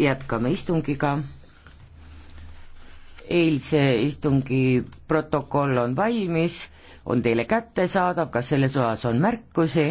jätkame istungiga. eilse istungi protokoll on valmis, on teile kättesaadav, kas selles osas on märkusi?